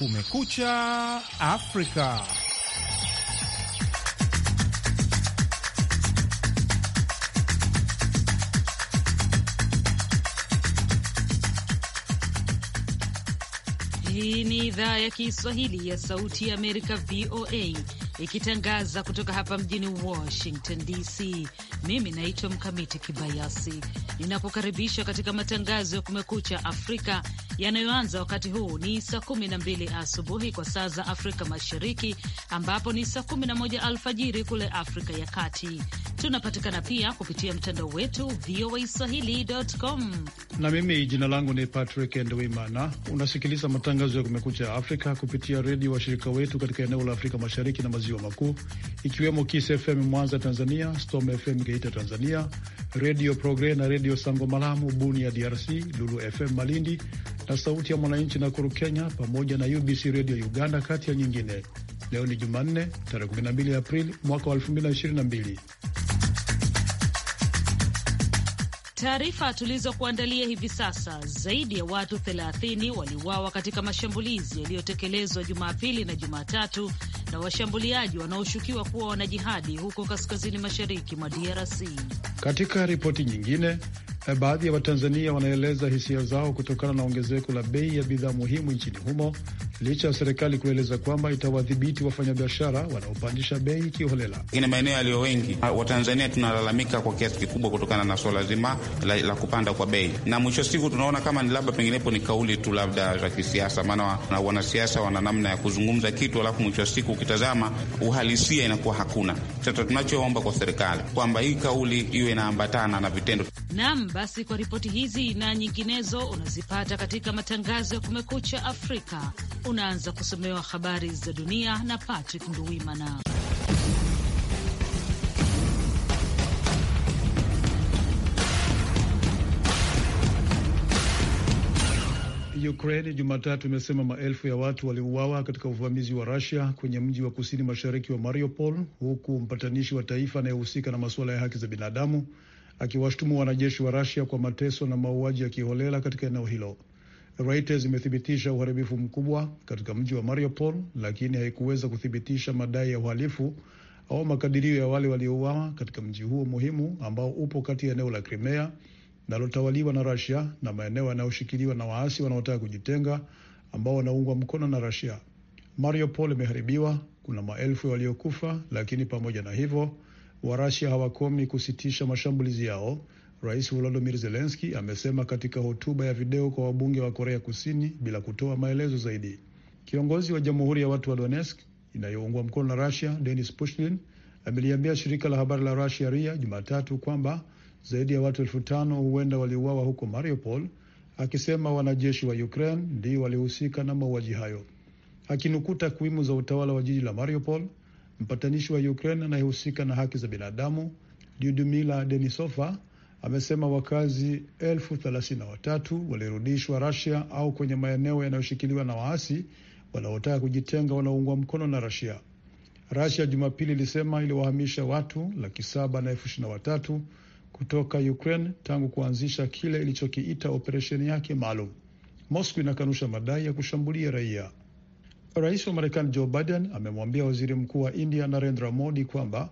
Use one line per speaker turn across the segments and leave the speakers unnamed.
Kumekucha Afrika.
Hii ni idhaa ya Kiswahili ya Sauti ya Amerika, VOA, ikitangaza kutoka hapa mjini Washington DC. Mimi naitwa Mkamiti Kibayasi, ninakukaribisha katika matangazo ya Kumekucha Afrika yanayoanza wakati huu ni saa 12 asubuhi kwa saa za Afrika Mashariki, ambapo ni saa 11 alfajiri kule Afrika ya Kati. Tunapatikana pia kupitia mtandao wetu VOA Swahili.com.
Na mimi jina langu ni Patrick Ndwimana. Unasikiliza matangazo ya Kumekucha Afrika kupitia redio washirika wetu katika eneo la Afrika Mashariki na Maziwa Makuu, ikiwemo Kis FM Mwanza Tanzania, Storm FM Geita Tanzania, Redio Progre na Redio Sango Malamu Buni ya DRC, Lulu FM Malindi na Sauti ya Mwananchi na Kuru Kenya, pamoja na UBC Redio Uganda, kati ya nyingine. Leo ni Jumanne, tarehe 12 Aprili mwaka wa 2022.
Taarifa tulizokuandalia hivi sasa, zaidi ya watu 30 waliuawa katika mashambulizi yaliyotekelezwa Jumapili na Jumatatu na washambuliaji wanaoshukiwa kuwa wanajihadi huko kaskazini mashariki mwa DRC.
Katika ripoti nyingine, eh, baadhi ya Watanzania wanaeleza hisia zao kutokana na ongezeko la bei ya bidhaa muhimu nchini humo licha ya serikali kueleza kwamba itawadhibiti wafanyabiashara wanaopandisha bei kiholela.
Lakini maeneo yaliyo wengi ah, Watanzania tunalalamika kwa kiasi kikubwa kutokana na swala zima la, la kupanda kwa bei, na mwisho siku tunaona kama ni labda penginepo ni kauli tu labda za kisiasa, maana wanasiasa wana namna ya kuzungumza kitu alafu mwisho siku ukitazama uhalisia inakuwa hakuna. Sasa tunachoomba kwa serikali kwamba hii kauli iwe inaambatana na
vitendo. Naam, basi kwa ripoti hizi na nyinginezo unazipata katika matangazo ya Kumekucha Afrika unaanza kusomewa habari za dunia na Patrick Nduwimana.
Ukraine Jumatatu imesema maelfu ya watu waliuawa katika uvamizi wa Russia kwenye mji wa kusini mashariki wa Mariupol, huku mpatanishi wa taifa anayehusika na, na masuala ya haki za binadamu akiwashutumu wanajeshi wa Russia kwa mateso na mauaji ya kiholela katika eneo hilo. Reuters imethibitisha uharibifu mkubwa katika mji wa Mariupol, lakini haikuweza kuthibitisha madai ya uhalifu au makadirio ya wale waliouawa katika mji huo muhimu ambao upo kati ya eneo la Crimea linalotawaliwa na Russia na maeneo yanayoshikiliwa na waasi wanaotaka kujitenga ambao wanaungwa mkono na Russia. Mariupol imeharibiwa, kuna maelfu ya waliokufa, lakini pamoja na hivyo Warusia hawakomi kusitisha mashambulizi yao Rais Volodymyr Zelensky amesema katika hotuba ya video kwa wabunge wa Korea Kusini bila kutoa maelezo zaidi. Kiongozi wa Jamhuri ya Watu wa Donetsk inayoungwa mkono na Russia, Denis Pushlin, ameliambia shirika la habari la Russia RIA Jumatatu kwamba zaidi ya watu elfu tano huenda waliuawa huko Mariupol, akisema wanajeshi wa Ukraine ndio walihusika na mauaji hayo. Akinukuu takwimu za utawala wa jiji la Mariupol, mpatanishi wa Ukraine anayehusika na haki za binadamu Lyudmila Denisova amesema wakazi elfu thelathini na watatu walirudishwa Rasia au kwenye maeneo yanayoshikiliwa na waasi wanaotaka kujitenga wanaoungwa mkono na Rasia. Rasia Jumapili ilisema iliwahamisha watu laki saba na elfu ishirini na watatu kutoka Ukraine tangu kuanzisha kile ilichokiita operesheni yake maalum. Moscow inakanusha madai ya kushambulia raia. Rais wa Marekani Joe Biden amemwambia waziri mkuu wa India Narendra Modi kwamba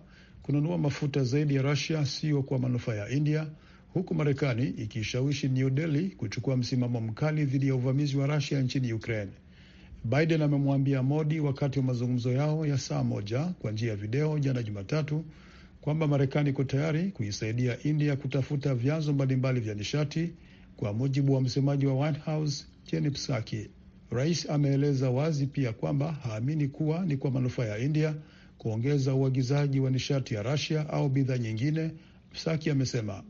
kununua mafuta zaidi ya rasia sio kwa manufaa ya India, huku Marekani ikishawishi New Delhi kuchukua msimamo mkali dhidi ya uvamizi wa rasia nchini Ukraine. Biden amemwambia Modi wakati wa mazungumzo yao ya saa moja kwa njia ya video jana Jumatatu kwamba Marekani iko tayari kuisaidia India kutafuta vyanzo mbalimbali vya nishati, kwa mujibu wa msemaji wa White House Psaki. Rais ameeleza wazi pia kwamba haamini kuwa ni kwa manufaa ya India kuongeza uagizaji wa nishati ya Rasia au bidhaa nyingine, Psaki amesema.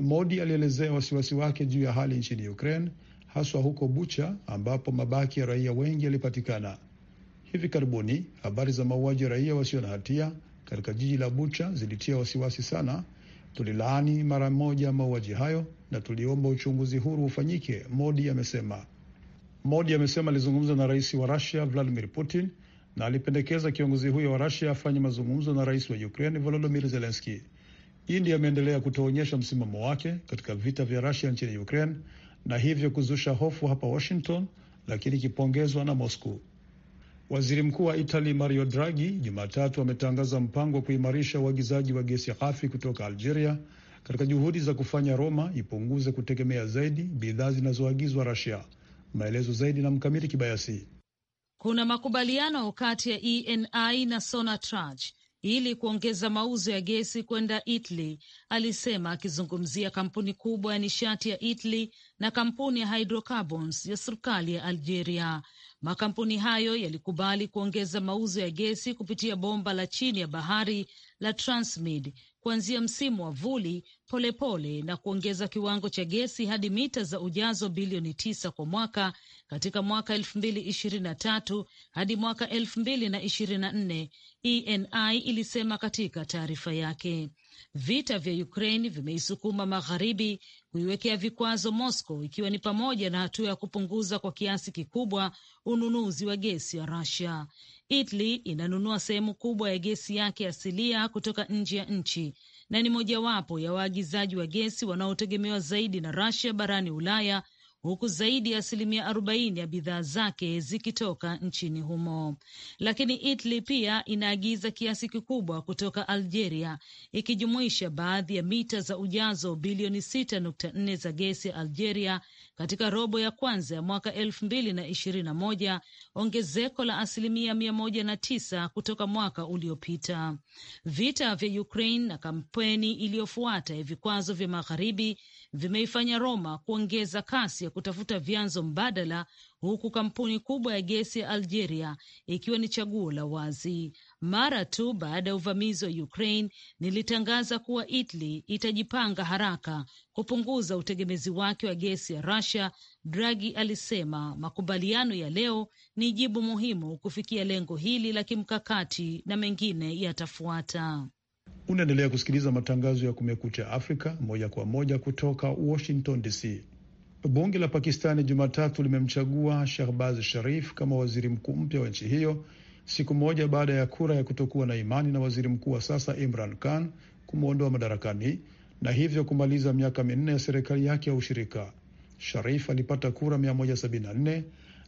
Modi alielezea wasiwasi wake juu ya hali nchini Ukraine, haswa huko Bucha ambapo mabaki ya raia wengi yalipatikana. Hivi karibuni habari za mauaji ya raia wasio na hatia katika jiji la Bucha zilitia wasiwasi sana. Tulilaani mara moja mauaji hayo na tuliomba uchunguzi huru ufanyike, Modi amesema. Modi amesema alizungumza na rais wa Rusia Vladimir Putin na alipendekeza kiongozi huyo wa Rasia afanye mazungumzo na rais wa Ukraine Volodimir Zelenski. India ameendelea kutoonyesha msimamo wake katika vita vya Rasia nchini Ukraine na hivyo kuzusha hofu hapa Washington, lakini ikipongezwa na Moscow. Waziri mkuu wa Itali Mario Draghi Jumatatu ametangaza mpango wa kuimarisha uagizaji wa gesi ghafi kutoka Algeria katika juhudi za kufanya Roma ipunguze kutegemea zaidi bidhaa zinazoagizwa Rasia. Maelezo zaidi na Mkamiti Kibayasi
kuna makubaliano kati ya ENI na Sonatrach ili kuongeza mauzo ya gesi kwenda Italy, alisema akizungumzia kampuni kubwa ya nishati ya Italy na kampuni ya hydrocarbons ya serikali ya Algeria. Makampuni hayo yalikubali kuongeza mauzo ya gesi kupitia bomba la chini ya bahari la Transmed kuanzia msimu wa vuli polepole pole, na kuongeza kiwango cha gesi hadi mita za ujazo bilioni tisa kwa mwaka katika mwaka elfu mbili ishirini na tatu hadi mwaka elfu mbili na ishirini na nne ENI ilisema katika taarifa yake. Vita vya Ukraine vimeisukuma magharibi kuiwekea vikwazo Moscow, ikiwa ni pamoja na hatua ya kupunguza kwa kiasi kikubwa ununuzi wa gesi ya Russia. Italy inanunua sehemu kubwa ya gesi yake asilia kutoka nje ya nchi na ni mojawapo ya waagizaji wa gesi wanaotegemewa zaidi na Russia barani Ulaya huku zaidi ya asilimia 40 ya bidhaa zake zikitoka nchini humo. Lakini Italy pia inaagiza kiasi kikubwa kutoka Algeria, ikijumuisha baadhi ya mita za ujazo bilioni 6.4 za gesi ya Algeria katika robo ya kwanza ya mwaka elfu mbili na ishirini na moja, ongezeko la asilimia mia moja na tisa kutoka mwaka uliopita. Vita vya Ukraine na kampeni iliyofuata ya vikwazo vya magharibi vimeifanya Roma kuongeza kasi ya kutafuta vyanzo mbadala, huku kampuni kubwa ya gesi ya Algeria ikiwa ni chaguo la wazi. Mara tu baada ya uvamizi wa Ukraine, nilitangaza kuwa Italy itajipanga haraka kupunguza utegemezi wake wa gesi ya Russia. Draghi alisema makubaliano ya leo ni jibu muhimu kufikia lengo hili la kimkakati na mengine yatafuata.
Unaendelea kusikiliza matangazo ya Kumekucha Afrika moja kwa moja kutoka Washington DC. Bunge la Pakistani Jumatatu limemchagua Shahbaz Sharif kama waziri mkuu mpya wa nchi hiyo siku moja baada ya kura ya kutokuwa na imani na waziri mkuu wa sasa Imran Khan kumwondoa madarakani na hivyo kumaliza miaka minne ya serikali yake ya ushirika. Sharif alipata kura 174,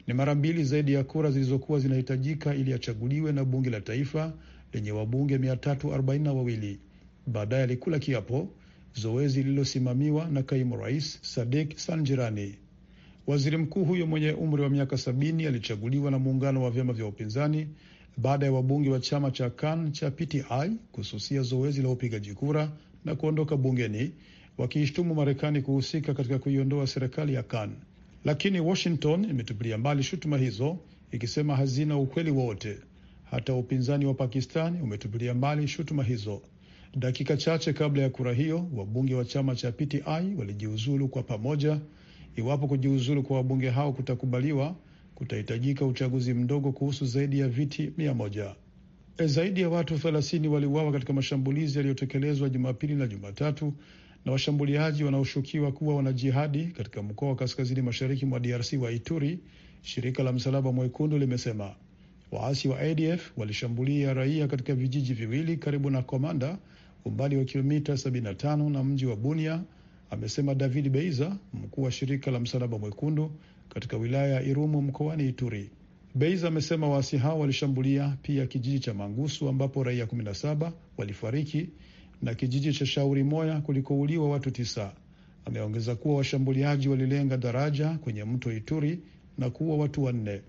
ni mara mbili zaidi ya kura zilizokuwa zinahitajika ili achaguliwe na bunge la taifa lenye wabunge 342. Baadaye alikula kiapo, zoezi lililosimamiwa na kaimu rais Sadik Sanjirani. Waziri mkuu huyo mwenye umri wa miaka sabini alichaguliwa na muungano wa vyama vya upinzani baada ya wabunge wa chama cha KAN cha PTI kususia zoezi la upigaji kura na kuondoka bungeni wakiishtumu Marekani kuhusika katika kuiondoa serikali ya KAN. Lakini Washington imetupilia mbali shutuma hizo ikisema hazina ukweli wowote. Hata upinzani wa Pakistan umetupilia mbali shutuma hizo. Dakika chache kabla ya kura hiyo, wabunge wa chama cha PTI walijiuzulu kwa pamoja Iwapo kujiuzulu kwa wabunge hao kutakubaliwa, kutahitajika uchaguzi mdogo kuhusu zaidi ya viti mia moja. E, zaidi ya watu thelathini waliuawa katika mashambulizi yaliyotekelezwa Jumapili na Jumatatu na washambuliaji wanaoshukiwa kuwa wanajihadi katika mkoa wa kaskazini mashariki mwa DRC wa Ituri, shirika la Msalaba Mwekundu limesema. Waasi wa ADF walishambulia raia katika vijiji viwili karibu na Komanda, umbali wa kilomita 75 na mji wa Bunia amesema David Beiza, mkuu wa shirika la Msalaba Mwekundu katika wilaya ya Irumu mkoani Ituri. Beiza amesema waasi hao walishambulia pia kijiji cha Mangusu ambapo raia 17 walifariki na kijiji cha Shauri Moya kulikouliwa watu tisa. Ameongeza kuwa washambuliaji walilenga daraja kwenye mto Ituri na kuua watu wanne.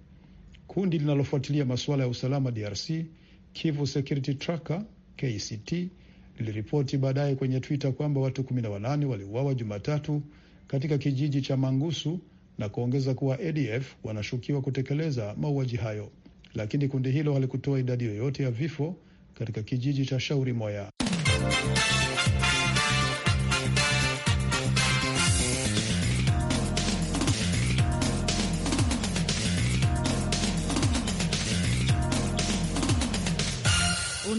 Kundi linalofuatilia masuala ya usalama DRC, Kivu Security Tracker KCT, iliripoti baadaye kwenye Twitter kwamba watu 18 waliuawa Jumatatu katika kijiji cha Mangusu na kuongeza kuwa ADF wanashukiwa kutekeleza mauaji hayo, lakini kundi hilo halikutoa idadi yoyote ya vifo katika kijiji cha Shauri Moya.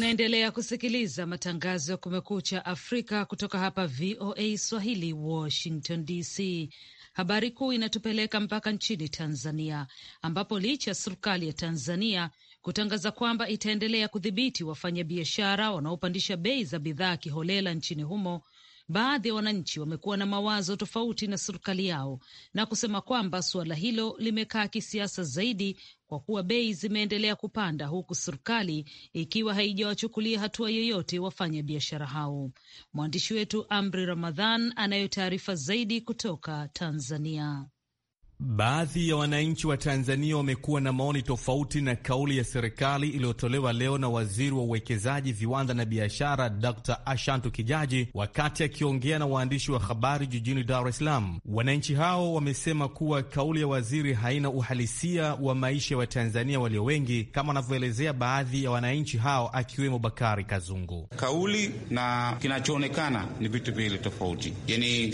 Unaendelea kusikiliza matangazo ya Kumekucha Afrika kutoka hapa VOA Swahili, Washington DC. Habari kuu inatupeleka mpaka nchini Tanzania, ambapo licha ya serikali ya Tanzania kutangaza kwamba itaendelea kudhibiti wafanyabiashara wanaopandisha bei za bidhaa kiholela nchini humo, baadhi ya wananchi wamekuwa na mawazo tofauti na serikali yao na kusema kwamba suala hilo limekaa kisiasa zaidi kwa kuwa bei zimeendelea kupanda huku serikali ikiwa haijawachukulia hatua yoyote wafanya biashara hao. Mwandishi wetu Amri Ramadhan anayo taarifa zaidi kutoka Tanzania.
Baadhi ya wananchi wa Tanzania wamekuwa na maoni tofauti na kauli ya serikali iliyotolewa leo na waziri wa uwekezaji, viwanda na biashara, Dr Ashantu Kijaji, wakati akiongea na waandishi wa habari jijini Dar es Salaam. Wananchi hao wamesema kuwa kauli ya waziri haina uhalisia wa maisha ya Watanzania walio wengi, kama wanavyoelezea baadhi ya wananchi hao, akiwemo Bakari Kazungu.
Kauli na kinachoonekana ni vitu viwili tofauti, yani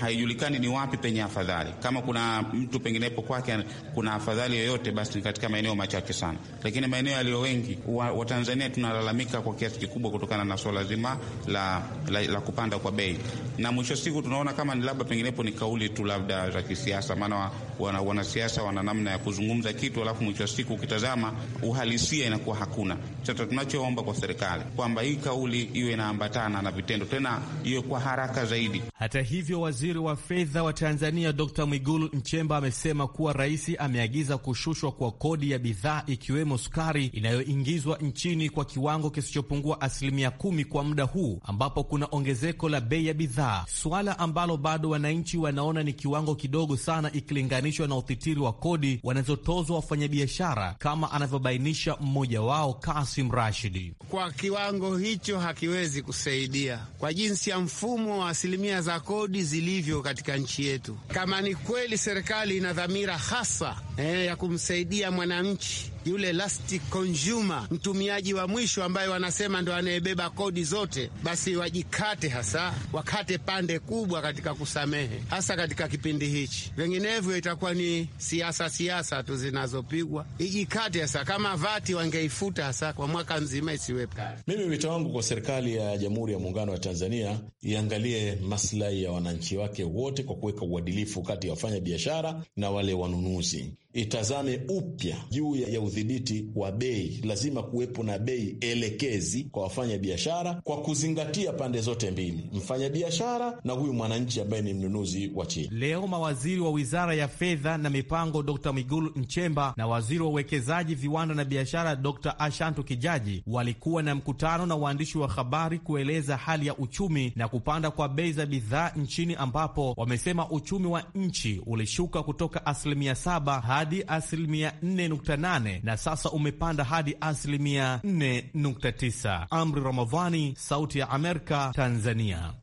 haijulikani ni wapi penye afadhali, kama kuna mtu penginepo kwake kuna afadhali yoyote, basi ni katika maeneo machache sana, lakini maeneo yaliyo wengi, Watanzania wa tunalalamika kwa kiasi kikubwa kutokana na swala zima la, la, la kupanda kwa bei, na mwisho siku tunaona kama ni labda penginepo ni kauli tu labda za kisiasa, maana wanasiasa wana, wana namna ya kuzungumza kitu alafu mwisho wa siku ukitazama uhalisia inakuwa hakuna. Sasa tunachoomba kwa serikali kwamba hii kauli iwe inaambatana na vitendo, tena iwe kwa haraka zaidi.
Hata hivyo, waziri wa fedha wa Tanzania Dr. Mwigulu nchi Chemba amesema kuwa rais ameagiza kushushwa kwa kodi ya bidhaa ikiwemo sukari inayoingizwa nchini kwa kiwango kisichopungua asilimia kumi kwa muda huu ambapo kuna ongezeko la bei ya bidhaa, suala ambalo bado wananchi wanaona ni kiwango kidogo sana ikilinganishwa na uthitiri wa kodi wanazotozwa wafanyabiashara, kama anavyobainisha mmoja wao Kasim Rashidi.
Kwa kiwango hicho hakiwezi kusaidia kwa jinsi ya mfumo wa asilimia za kodi zilivyo katika nchi yetu. Kama ni kweli serikali ina dhamira hasa eh, ya kumsaidia mwananchi yule last consumer, mtumiaji wa mwisho ambaye wanasema ndo anayebeba kodi zote, basi wajikate hasa, wakate pande kubwa katika kusamehe, hasa katika kipindi hichi. Vinginevyo itakuwa ni siasa siasa tu zinazopigwa. Ijikate hasa, kama vati wangeifuta hasa kwa mwaka mzima isiwepo.
Mimi wito wangu kwa serikali ya Jamhuri ya Muungano wa Tanzania iangalie maslahi ya wananchi wake wote kwa kuweka uadilifu kati ya wafanya biashara na wale wanunuzi itazame upya juu ya udhibiti wa bei. Lazima kuwepo na bei elekezi kwa wafanya biashara kwa kuzingatia pande zote mbili, mfanyabiashara na huyu mwananchi ambaye ni mnunuzi wa chini. Leo mawaziri wa wizara ya fedha na mipango Dr. migulu Nchemba na waziri wa uwekezaji, viwanda na biashara Dr. Ashantu Kijaji walikuwa na mkutano na waandishi wa habari kueleza hali ya uchumi na kupanda kwa bei za bidhaa nchini, ambapo wamesema uchumi wa nchi ulishuka kutoka asilimia saba hadi hadi asilimia 4.8 na sasa umepanda hadi asilimia 4.9. Amri Ramadhani, Sauti ya Amerika, Tanzania.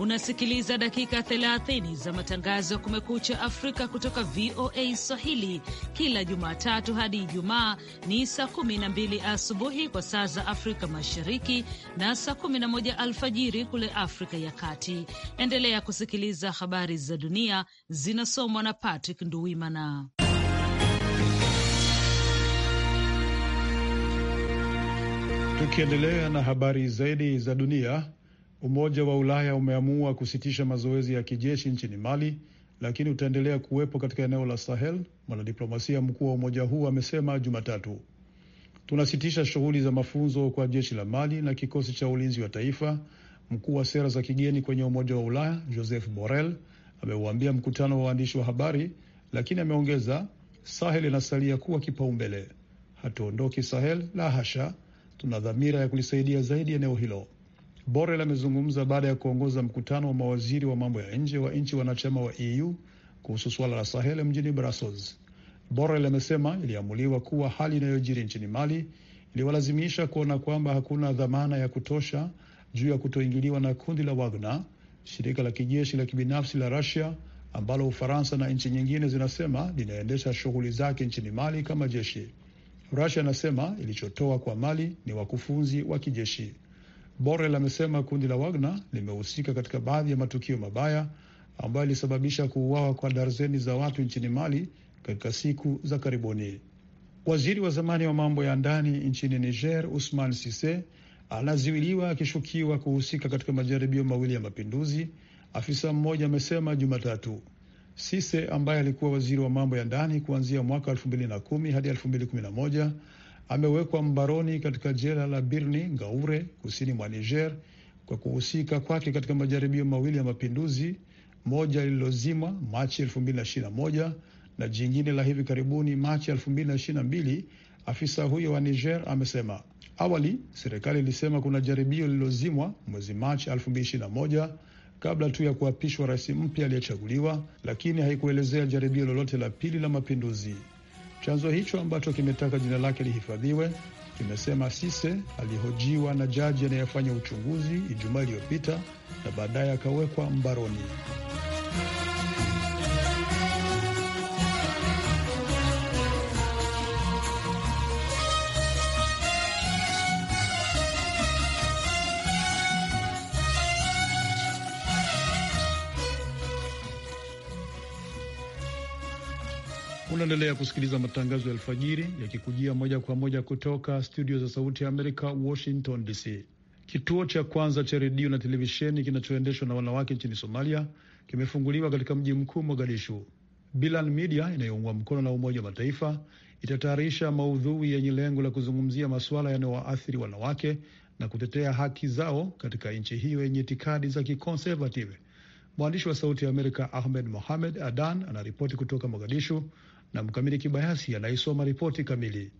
Unasikiliza dakika 30 za matangazo ya Kumekucha Afrika kutoka VOA Swahili kila Jumatatu hadi Ijumaa ni saa 12 asubuhi kwa saa za Afrika Mashariki na saa 11 alfajiri kule Afrika ya Kati. Endelea kusikiliza habari za dunia zinasomwa na Patrick Nduwimana.
Tukiendelea na habari zaidi za dunia. Umoja wa Ulaya umeamua kusitisha mazoezi ya kijeshi nchini Mali, lakini utaendelea kuwepo katika eneo la Sahel. Mwanadiplomasia mkuu wa umoja huu amesema Jumatatu, tunasitisha shughuli za mafunzo kwa jeshi la Mali na kikosi cha ulinzi wa taifa. Mkuu wa sera za kigeni kwenye Umoja wa Ulaya Joseph Borrell ameuambia mkutano wa waandishi wa habari, lakini ameongeza, Sahel inasalia kuwa kipaumbele. Hatuondoki Sahel, la hasha, tuna dhamira ya kulisaidia zaidi eneo hilo. Borel amezungumza baada ya kuongoza mkutano wa mawaziri wa mambo ya nje wa nchi wanachama wa EU kuhusu suala la Sahel mjini Brussels. Borel amesema iliamuliwa kuwa hali inayojiri nchini Mali iliwalazimisha kuona kwamba hakuna dhamana ya kutosha juu ya kutoingiliwa na kundi la Wagner, shirika la kijeshi la kibinafsi la Russia ambalo Ufaransa na nchi nyingine zinasema linaendesha shughuli zake nchini Mali kama jeshi. Russia anasema ilichotoa kwa Mali ni wakufunzi wa kijeshi. Borrell amesema kundi la Wagner limehusika katika baadhi ya matukio mabaya ambayo ilisababisha kuuawa kwa darzeni za watu nchini Mali katika siku za karibuni. Waziri wa zamani wa mambo ya ndani nchini Niger, Usman Sise, anaziwiliwa akishukiwa kuhusika katika majaribio mawili ya mapinduzi, afisa mmoja amesema Jumatatu. Sise ambaye alikuwa waziri wa mambo ya ndani kuanzia mwaka 2010 hadi amewekwa mbaroni katika jela la Birni Ngaure kusini mwa Niger kwa kuhusika kwake katika majaribio mawili ya mapinduzi, moja lililozimwa Machi 2021 na jingine la hivi karibuni Machi 2022. Afisa huyo wa Niger amesema awali serikali ilisema kuna jaribio lililozimwa mwezi Machi 2021 kabla tu ya kuapishwa rais mpya aliyechaguliwa, lakini haikuelezea jaribio lolote la pili la mapinduzi. Chanzo hicho ambacho kimetaka jina lake lihifadhiwe kimesema Sise alihojiwa na jaji anayefanya uchunguzi Ijumaa iliyopita na baadaye akawekwa mbaroni. Unaendelea kusikiliza matangazo ya alfajiri yakikujia moja kwa moja kutoka studio za Sauti ya Amerika, Washington DC. Kituo cha kwanza cha redio na televisheni kinachoendeshwa na wanawake nchini Somalia kimefunguliwa katika mji mkuu Mogadishu. Bilan Media inayoungwa mkono na Umoja wa Mataifa itatayarisha maudhui yenye lengo la kuzungumzia masuala yanayowaathiri wanawake na kutetea haki zao katika nchi hiyo yenye itikadi za kikonservative. Mwandishi wa Sauti ya Amerika Ahmed Mohamed Adan anaripoti kutoka Mogadishu na Mkamili Kibayasi anayesoma ripoti kamili.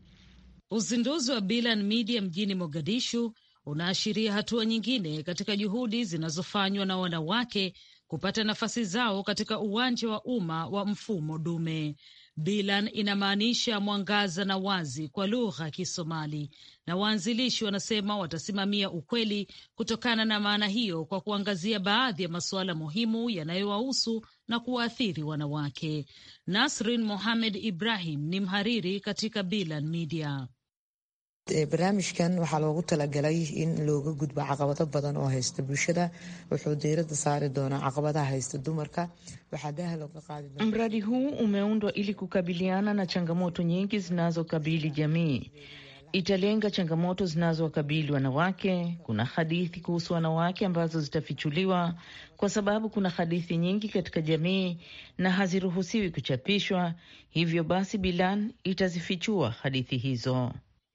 Uzinduzi wa Bilan Media mjini Mogadishu unaashiria hatua nyingine katika juhudi zinazofanywa na wanawake kupata nafasi zao katika uwanja wa umma wa mfumo dume. Bilan inamaanisha mwangaza na wazi kwa lugha ya Kisomali, na waanzilishi wanasema watasimamia ukweli kutokana na maana hiyo kwa kuangazia baadhi ya masuala muhimu yanayowahusu na kuwaathiri wanawake. Nasrin Mohamed Ibrahim ni mhariri katika Bilan Media. Ee, barnaamijkan waxaa loogu talagalay in looga gudbo caqabado
badan oo haysta bulshada wuxuu diirada saari doonaa caqabadaha haysta dumarka waxaa looga qaadi mradi huu umeundwa ili kukabiliana na changamoto nyingi zinazokabili jamii italenga changamoto zinazowakabili wanawake. Kuna hadithi kuhusu wanawake ambazo zitafichuliwa kwa sababu kuna hadithi nyingi katika jamii na haziruhusiwi kuchapishwa. Hivyo basi, Bilan itazifichua hadithi hizo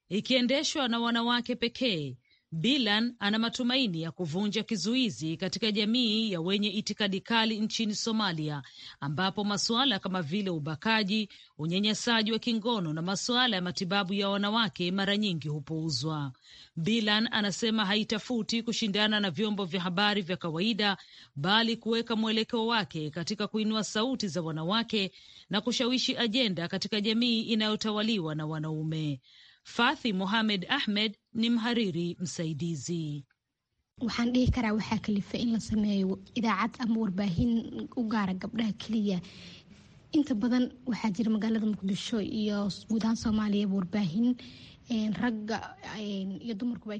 ikiendeshwa na wanawake pekee. Bilan ana matumaini ya kuvunja kizuizi katika jamii ya wenye itikadi kali nchini Somalia, ambapo masuala kama vile ubakaji, unyanyasaji wa kingono na masuala ya matibabu ya wanawake mara nyingi hupuuzwa. Bilan anasema haitafuti kushindana na vyombo vya habari vya kawaida, bali kuweka mwelekeo wake katika kuinua sauti za wanawake na kushawishi ajenda katika jamii inayotawaliwa na wanaume. Fathi Mohamed Ahmed ni mhariri msaidizi. waxaan dhihi karaa waxaa kalifa in la sameeyo idaacad ama warbaahin u gaara gabdhaha keliya inta badan waxaa jira magaalada muqdisho iyo guud ahaan soomaaliyaba warbaahin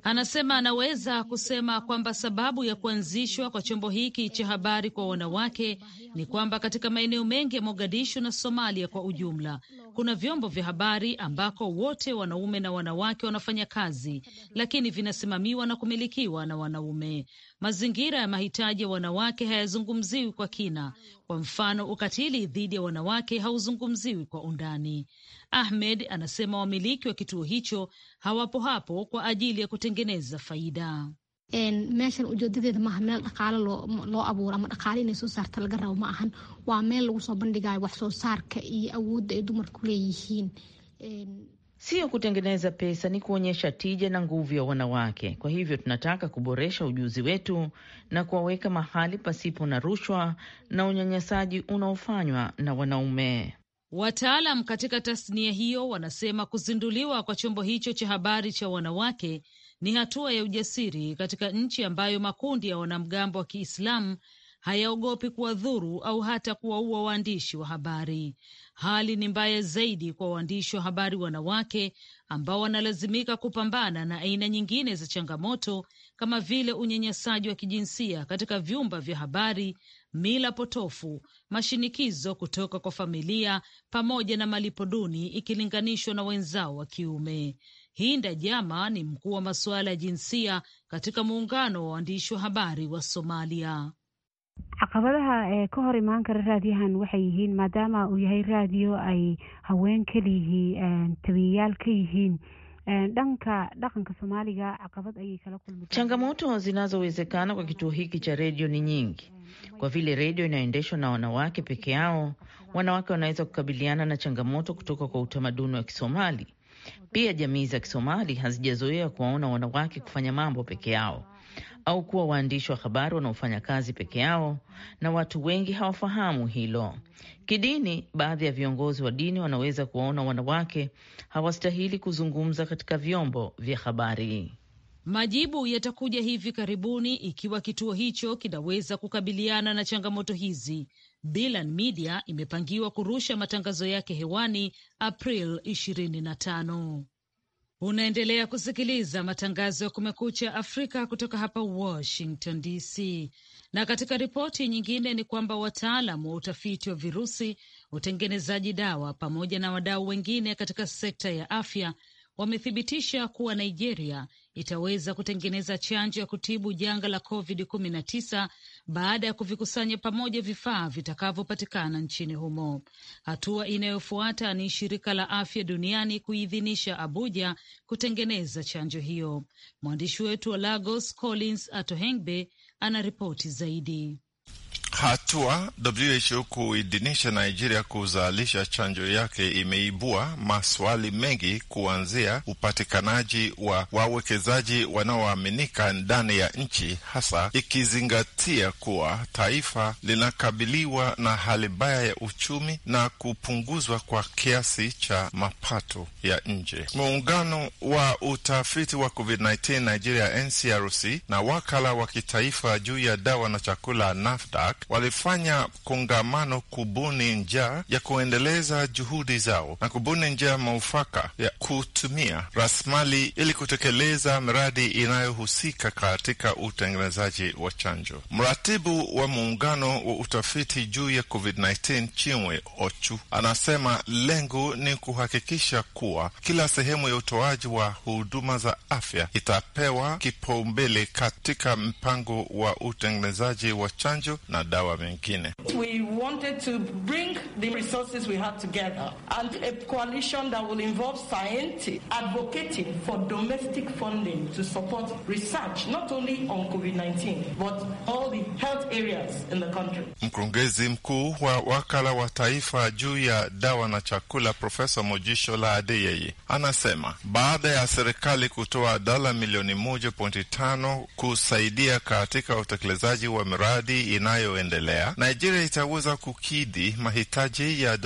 anasema anaweza kusema kwamba sababu ya kuanzishwa kwa chombo hiki cha habari kwa wanawake ni kwamba katika maeneo mengi ya Mogadishu na Somalia kwa ujumla kuna vyombo vya habari ambako wote wanaume na wanawake wanafanya kazi, lakini vinasimamiwa na kumilikiwa na wanaume. Mazingira ya mahitaji ya wanawake hayazungumziwi kwa kina. Kwa mfano, ukatili dhidi ya wanawake hauzungumziwi kwa undani. Ahmed anasema wamiliki wa kituo hicho hawapo hapo kwa ajili ya kutengeneza faida. meeshan ujeedadeeda maaha meel dhaqaale loo abuuro ama dhaqaale inay soo saarta laga rabo ma ahan waa meel lagu soo bandhigayo wax soo saarka iyo awoodda ay e dumarku leeyihiin
sio kutengeneza pesa, ni kuonyesha tija na nguvu ya wanawake. Kwa hivyo tunataka kuboresha ujuzi wetu na kuwaweka mahali pasipo na rushwa na unyanyasaji unaofanywa na wanaume.
Wataalam katika tasnia hiyo wanasema kuzinduliwa kwa chombo hicho cha habari cha wanawake ni hatua ya ujasiri katika nchi ambayo makundi ya wanamgambo wa Kiislamu hayaogopi kuwadhuru au hata kuwaua waandishi wa habari. Hali ni mbaya zaidi kwa waandishi wa habari wanawake ambao wanalazimika kupambana na aina nyingine za changamoto kama vile unyanyasaji wa kijinsia katika vyumba vya habari, mila potofu, mashinikizo kutoka kwa familia, pamoja na malipo duni ikilinganishwa na wenzao wa kiume. Hinda Jama ni mkuu wa masuala ya jinsia katika muungano wa waandishi wa habari wa Somalia caqabadaha ee ka hor imaan kara raadiyahan waxay yihiin maadaama uu yahay raadiyo ay haween keligii eh, tabiyayaal ka yihiin eh, dhanka dhaqanka soomaaliga caqabad ayay kala kulmi
changamoto zinazowezekana kwa kituo hiki cha redio ni nyingi kwa vile redio inaendeshwa na wanawake peke yao wanawake wanaweza kukabiliana na changamoto kutoka kwa utamaduni wa kisomali pia jamii za kisomali hazijazoea kuwaona wanawake kufanya mambo peke yao au kuwa waandishi wa habari wanaofanya kazi peke yao, na watu wengi hawafahamu hilo. Kidini, baadhi ya viongozi wa dini wanaweza kuwaona wanawake hawastahili kuzungumza katika vyombo vya habari.
Majibu yatakuja hivi karibuni ikiwa kituo hicho kinaweza kukabiliana na changamoto hizi. Bilan Media imepangiwa kurusha matangazo yake hewani April 25. Unaendelea kusikiliza matangazo ya Kumekucha Afrika kutoka hapa Washington DC. Na katika ripoti nyingine ni kwamba wataalam wa utafiti wa virusi, utengenezaji dawa, pamoja na wadau wengine katika sekta ya afya wamethibitisha kuwa Nigeria itaweza kutengeneza chanjo ya kutibu janga la COVID-19 baada ya kuvikusanya pamoja vifaa vitakavyopatikana nchini humo. Hatua inayofuata ni shirika la afya duniani kuidhinisha Abuja kutengeneza chanjo hiyo. Mwandishi wetu wa Lagos Collins Atohengbe ana ripoti zaidi.
Hatua WHO kuidhinisha Nigeria kuzalisha chanjo yake imeibua maswali mengi, kuanzia upatikanaji wa wawekezaji wanaoaminika ndani ya nchi, hasa ikizingatia kuwa taifa linakabiliwa na hali mbaya ya uchumi na kupunguzwa kwa kiasi cha mapato ya nje. Muungano wa utafiti wa COVID-19 Nigeria NCRC na wakala wa kitaifa juu ya dawa na chakula NAFDAC walifanya kongamano kubuni njia ya kuendeleza juhudi zao na kubuni njia maufaka ya kutumia rasmali ili kutekeleza miradi inayohusika katika utengenezaji wa chanjo. Mratibu wa muungano wa utafiti juu ya COVID-19 Chinwe Ochu anasema lengo ni kuhakikisha kuwa kila sehemu ya utoaji wa huduma za afya itapewa kipaumbele katika mpango wa utengenezaji wa chanjo na madawa mengine.
We wanted to bring the resources we had together and a coalition that will involve scientists advocating for domestic funding to support research not only on COVID-19 but all the health areas in the country.
Mkurugenzi mkuu wa wakala wa taifa juu ya dawa na chakula Profesa Mojisola Adeyeye anasema baada ya serikali kutoa dola milioni 1.5 kusaidia katika utekelezaji wa miradi inayo inayoendelea, Nigeria itaweza kukidhi mahitaji ya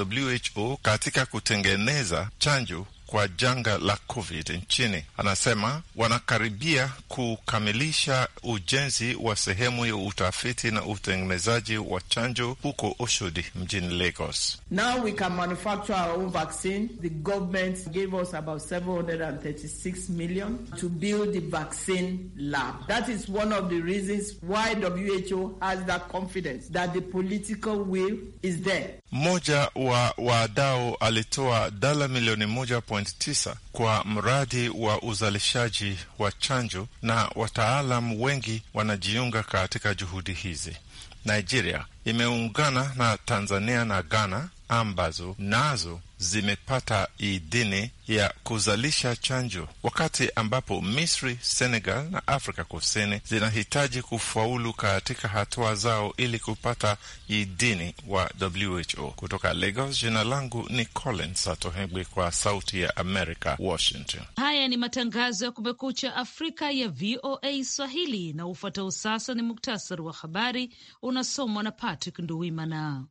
WHO katika kutengeneza chanjo kwa janga la COVID nchini. Anasema wanakaribia kukamilisha ujenzi wa sehemu ya utafiti na utengenezaji wa chanjo huko Oshodi mjini Lagos.
Now we can manufacture our own vaccine. The government gave us about 736 million to build the vaccine lab. That is one of the reasons why WHO has that confidence that the political will is there.
Mmoja wa wadau alitoa dola milioni moja point tisa kwa mradi wa uzalishaji wa chanjo na wataalam wengi wanajiunga katika juhudi hizi. Nigeria imeungana na Tanzania na Ghana ambazo nazo zimepata idhini ya kuzalisha chanjo, wakati ambapo Misri, Senegal na Afrika Kusini zinahitaji kufaulu katika hatua zao ili kupata idhini wa WHO. Kutoka Lagos, jina langu ni Colin Satohegwi kwa Sauti ya Amerika, Washington.
Haya ni matangazo ya Kumekucha Afrika ya VOA Swahili na ufuatao sasa ni muktasari wa habari unasomwa na Patrick Nduwimana.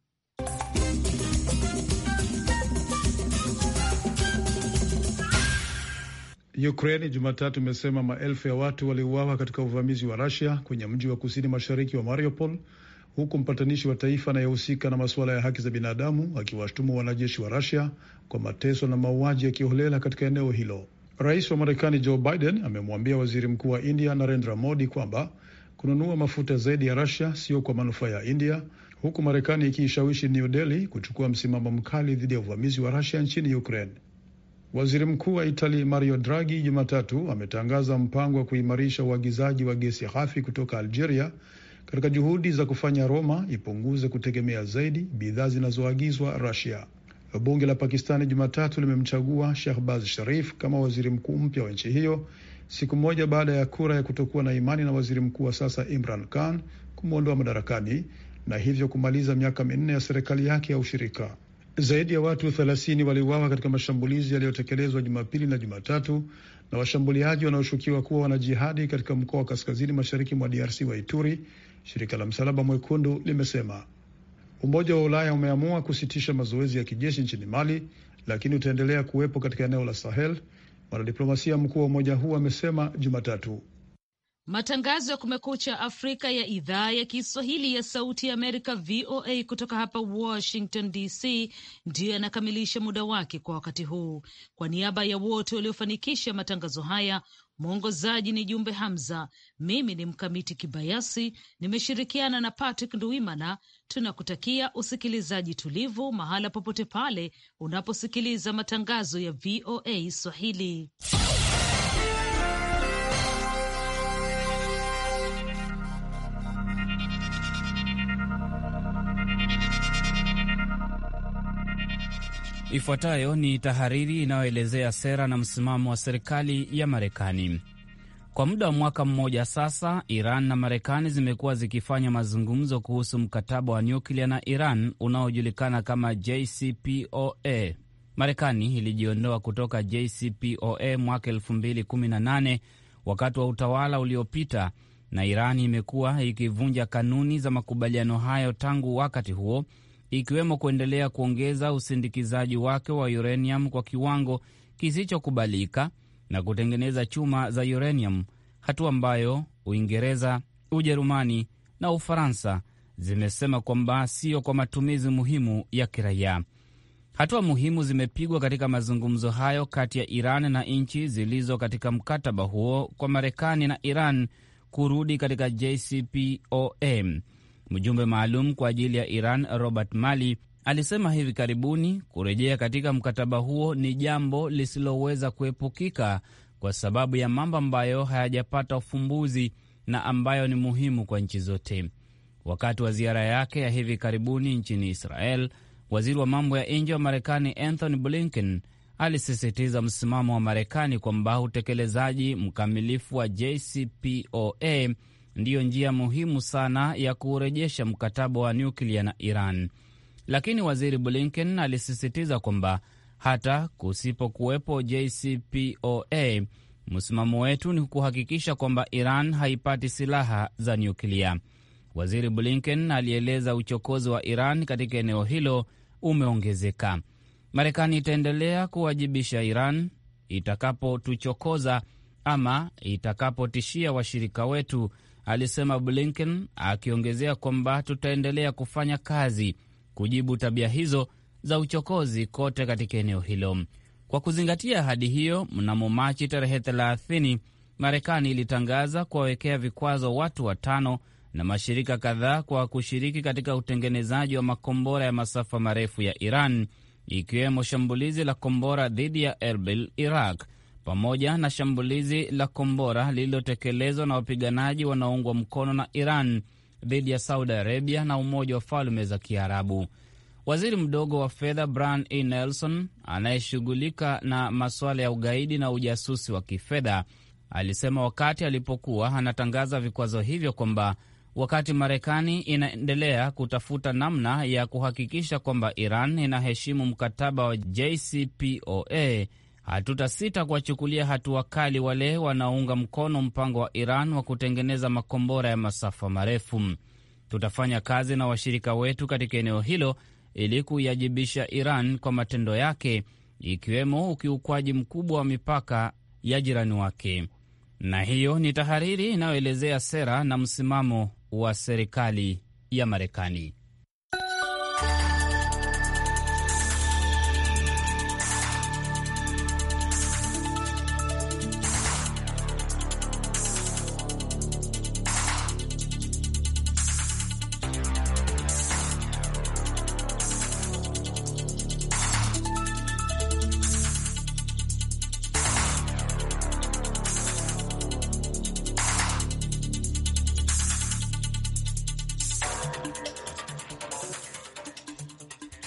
Ukraini Jumatatu imesema maelfu ya watu waliuawa katika uvamizi wa rasia kwenye mji wa kusini mashariki wa Mariupol, huku mpatanishi wa taifa anayehusika na, na masuala ya haki za binadamu akiwashtumu wanajeshi wa rasia kwa mateso na mauaji ya kiholela katika eneo hilo. Rais wa Marekani Joe Biden amemwambia waziri mkuu wa India Narendra Modi kwamba kununua mafuta zaidi ya rasia sio kwa manufaa ya India, huku Marekani ikiishawishi New Delhi kuchukua msimamo mkali dhidi ya uvamizi wa rasia nchini Ukraine. Waziri mkuu wa Itali Mario Draghi Jumatatu ametangaza mpango wa kuimarisha uagizaji wa gesi ghafi kutoka Algeria katika juhudi za kufanya Roma ipunguze kutegemea zaidi bidhaa zinazoagizwa Rusia. Bunge la Pakistani Jumatatu limemchagua Shahbaz Sharif kama waziri mkuu mpya wa nchi hiyo siku moja baada ya kura ya kutokuwa na imani na waziri mkuu wa sasa Imran Khan kumwondoa madarakani na hivyo kumaliza miaka minne ya serikali yake ya ushirika. Zaidi ya watu 30 waliuawa katika mashambulizi yaliyotekelezwa Jumapili na Jumatatu na washambuliaji wanaoshukiwa kuwa wanajihadi katika mkoa wa kaskazini mashariki mwa DRC wa Ituri, shirika la Msalaba Mwekundu limesema. Umoja wa Ulaya umeamua kusitisha mazoezi ya kijeshi nchini Mali, lakini utaendelea kuwepo katika eneo la Sahel, mwanadiplomasia mkuu wa umoja huu amesema Jumatatu.
Matangazo ya Kumekucha Afrika ya idhaa ya Kiswahili ya Sauti ya Amerika, VOA, kutoka hapa Washington DC, ndiyo yanakamilisha muda wake kwa wakati huu. Kwa niaba ya wote waliofanikisha matangazo haya, mwongozaji ni Jumbe Hamza, mimi ni Mkamiti Kibayasi, nimeshirikiana na Patrick Nduimana. Tunakutakia usikilizaji tulivu mahala popote pale unaposikiliza matangazo ya VOA Swahili.
Ifuatayo ni tahariri inayoelezea sera na msimamo wa serikali ya Marekani. Kwa muda wa mwaka mmoja sasa, Iran na Marekani zimekuwa zikifanya mazungumzo kuhusu mkataba wa nyuklia na Iran unaojulikana kama JCPOA. Marekani ilijiondoa kutoka JCPOA mwaka 2018 wakati wa utawala uliopita, na Iran imekuwa ikivunja kanuni za makubaliano hayo tangu wakati huo ikiwemo kuendelea kuongeza usindikizaji wake wa uranium kwa kiwango kisichokubalika na kutengeneza chuma za uranium, hatua ambayo Uingereza, Ujerumani na Ufaransa zimesema kwamba sio kwa matumizi muhimu ya kiraia. Hatua muhimu zimepigwa katika mazungumzo hayo kati ya Iran na nchi zilizo katika mkataba huo kwa Marekani na Iran kurudi katika JCPOA. Mjumbe maalum kwa ajili ya Iran Robert mali alisema hivi karibuni kurejea katika mkataba huo ni jambo lisiloweza kuepukika kwa sababu ya mambo ambayo hayajapata ufumbuzi na ambayo ni muhimu kwa nchi zote. Wakati wa ziara yake ya hivi karibuni nchini Israel, waziri wa mambo ya nje wa Marekani Anthony Blinken alisisitiza msimamo wa Marekani kwamba utekelezaji mkamilifu wa JCPOA ndiyo njia muhimu sana ya kurejesha mkataba wa nyuklia na Iran, lakini waziri Blinken alisisitiza kwamba hata kusipokuwepo JCPOA, msimamo wetu ni kuhakikisha kwamba Iran haipati silaha za nyuklia. Waziri Blinken alieleza uchokozi wa Iran katika eneo hilo umeongezeka. Marekani itaendelea kuwajibisha Iran itakapotuchokoza ama itakapotishia washirika wetu alisema Blinken, akiongezea kwamba tutaendelea kufanya kazi kujibu tabia hizo za uchokozi kote katika eneo hilo. Kwa kuzingatia ahadi hiyo, mnamo Machi tarehe 30 Marekani ilitangaza kuwawekea vikwazo watu watano na mashirika kadhaa kwa kushiriki katika utengenezaji wa makombora ya masafa marefu ya Iran, ikiwemo shambulizi la kombora dhidi ya Erbil, Iraq, pamoja na shambulizi la kombora lililotekelezwa na wapiganaji wanaoungwa mkono na Iran dhidi ya Saudi Arabia na Umoja wa Falme za Kiarabu. Waziri mdogo wa fedha Brian E. Nelson anayeshughulika na masuala ya ugaidi na ujasusi wa kifedha alisema wakati alipokuwa anatangaza vikwazo hivyo kwamba wakati Marekani inaendelea kutafuta namna ya kuhakikisha kwamba Iran inaheshimu mkataba wa JCPOA hatutasita kuwachukulia hatua kali wale wanaounga mkono mpango wa Iran wa kutengeneza makombora ya masafa marefu. Tutafanya kazi na washirika wetu katika eneo hilo ili kuiajibisha Iran kwa matendo yake, ikiwemo ukiukwaji mkubwa wa mipaka ya jirani wake. Na hiyo ni tahariri inayoelezea sera na msimamo wa serikali ya Marekani.